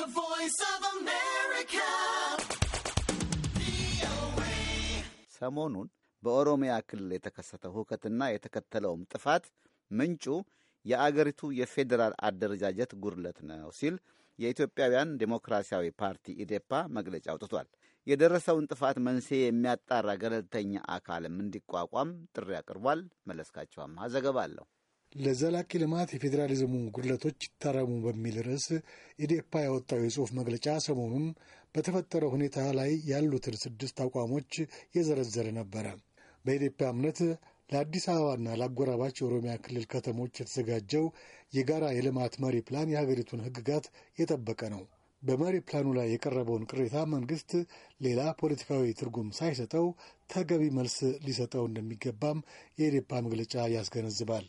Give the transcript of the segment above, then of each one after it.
The Voice of America. ሰሞኑን በኦሮሚያ ክልል የተከሰተው ሁከትና የተከተለውም ጥፋት ምንጩ የአገሪቱ የፌዴራል አደረጃጀት ጉድለት ነው ሲል የኢትዮጵያውያን ዴሞክራሲያዊ ፓርቲ ኢዴፓ መግለጫ አውጥቷል። የደረሰውን ጥፋት መንስኤ የሚያጣራ ገለልተኛ አካልም እንዲቋቋም ጥሪ አቅርቧል። መለስካቸው አምሃ ዘገባ አለው። ለዘላቂ ልማት የፌዴራሊዝሙ ጉድለቶች ይታረሙ በሚል ርዕስ ኢዴፓ ያወጣው የጽሑፍ መግለጫ ሰሞኑን በተፈጠረው ሁኔታ ላይ ያሉትን ስድስት አቋሞች የዘረዘረ ነበረ። በኢዴፓ እምነት ለአዲስ አበባና ለአጎራባች የኦሮሚያ ክልል ከተሞች የተዘጋጀው የጋራ የልማት መሪ ፕላን የሀገሪቱን ሕግጋት የጠበቀ ነው። በመሪ ፕላኑ ላይ የቀረበውን ቅሬታ መንግስት ሌላ ፖለቲካዊ ትርጉም ሳይሰጠው ተገቢ መልስ ሊሰጠው እንደሚገባም የኢዴፓ መግለጫ ያስገነዝባል።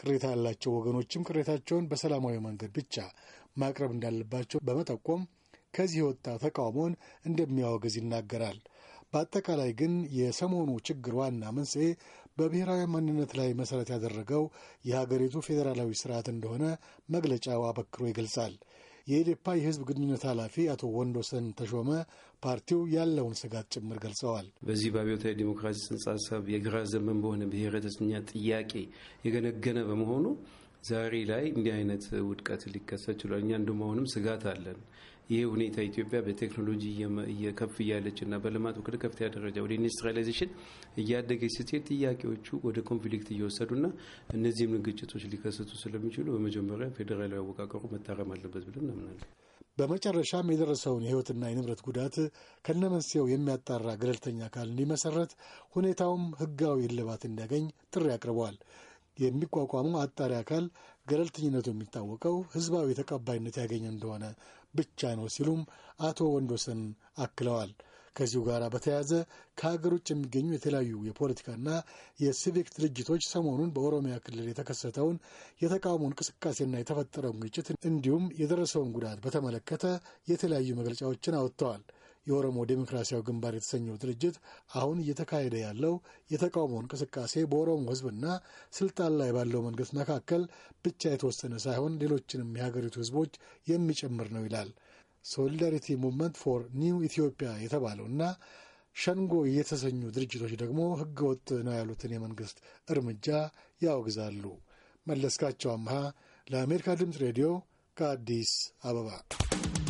ቅሬታ ያላቸው ወገኖችም ቅሬታቸውን በሰላማዊ መንገድ ብቻ ማቅረብ እንዳለባቸው በመጠቆም ከዚህ የወጣ ተቃውሞን እንደሚያወግዝ ይናገራል። በአጠቃላይ ግን የሰሞኑ ችግር ዋና መንስኤ በብሔራዊ ማንነት ላይ መሠረት ያደረገው የሀገሪቱ ፌዴራላዊ ስርዓት እንደሆነ መግለጫው አበክሮ ይገልጻል። የኢዴፓ የህዝብ ግንኙነት ኃላፊ አቶ ወንዶሰን ተሾመ ፓርቲው ያለውን ስጋት ጭምር ገልጸዋል። በዚህ በአብዮታዊ ዲሞክራሲ ጽንሰ ሀሳብ የግራ ዘመን በሆነ ብሔረተኛ ጥያቄ የገነገነ በመሆኑ ዛሬ ላይ እንዲህ አይነት ውድቀት ሊከሰት ችሏል። እኛ እንደመሆኑም ስጋት አለን። ይህ ሁኔታ ኢትዮጵያ በቴክኖሎጂ እየከፍ እያለች እና በልማት ወደ ከፍተኛ ደረጃ ወደ ኢንዱስትሪላይዜሽን እያደገች ስትሄድ ጥያቄዎቹ ወደ ኮንፍሊክት እየወሰዱና እነዚህም ግጭቶች ሊከሰቱ ስለሚችሉ በመጀመሪያ ፌዴራላዊ አወቃቀሩ መታረም አለበት ብለን እናምናለን። በመጨረሻም የደረሰውን የሕይወትና የንብረት ጉዳት ከነመንስኤው የሚያጣራ ገለልተኛ አካል እንዲመሰረት ሁኔታውም ሕጋዊ እልባት እንዲያገኝ ጥሪ አቅርበዋል። የሚቋቋመው አጣሪ አካል ገለልተኝነቱ የሚታወቀው ህዝባዊ ተቀባይነት ያገኘ እንደሆነ ብቻ ነው ሲሉም አቶ ወንዶሰን አክለዋል። ከዚሁ ጋር በተያያዘ ከሀገር ውጭ የሚገኙ የተለያዩ የፖለቲካና የሲቪክ ድርጅቶች ሰሞኑን በኦሮሚያ ክልል የተከሰተውን የተቃውሞ እንቅስቃሴና የተፈጠረውን ግጭት እንዲሁም የደረሰውን ጉዳት በተመለከተ የተለያዩ መግለጫዎችን አወጥተዋል። የኦሮሞ ዴሞክራሲያዊ ግንባር የተሰኘው ድርጅት አሁን እየተካሄደ ያለው የተቃውሞ እንቅስቃሴ በኦሮሞ ህዝብና ስልጣን ላይ ባለው መንግስት መካከል ብቻ የተወሰነ ሳይሆን ሌሎችንም የሀገሪቱ ህዝቦች የሚጨምር ነው ይላል። ሶሊዳሪቲ ሙቭመንት ፎር ኒው ኢትዮጵያ እና ሸንጎ የተሰኙ ድርጅቶች ደግሞ ህገወጥ ነው ያሉትን የመንግስት እርምጃ ያወግዛሉ። መለስካቸው አምሃ ለአሜሪካ ድምፅ ሬዲዮ ከአዲስ አበባ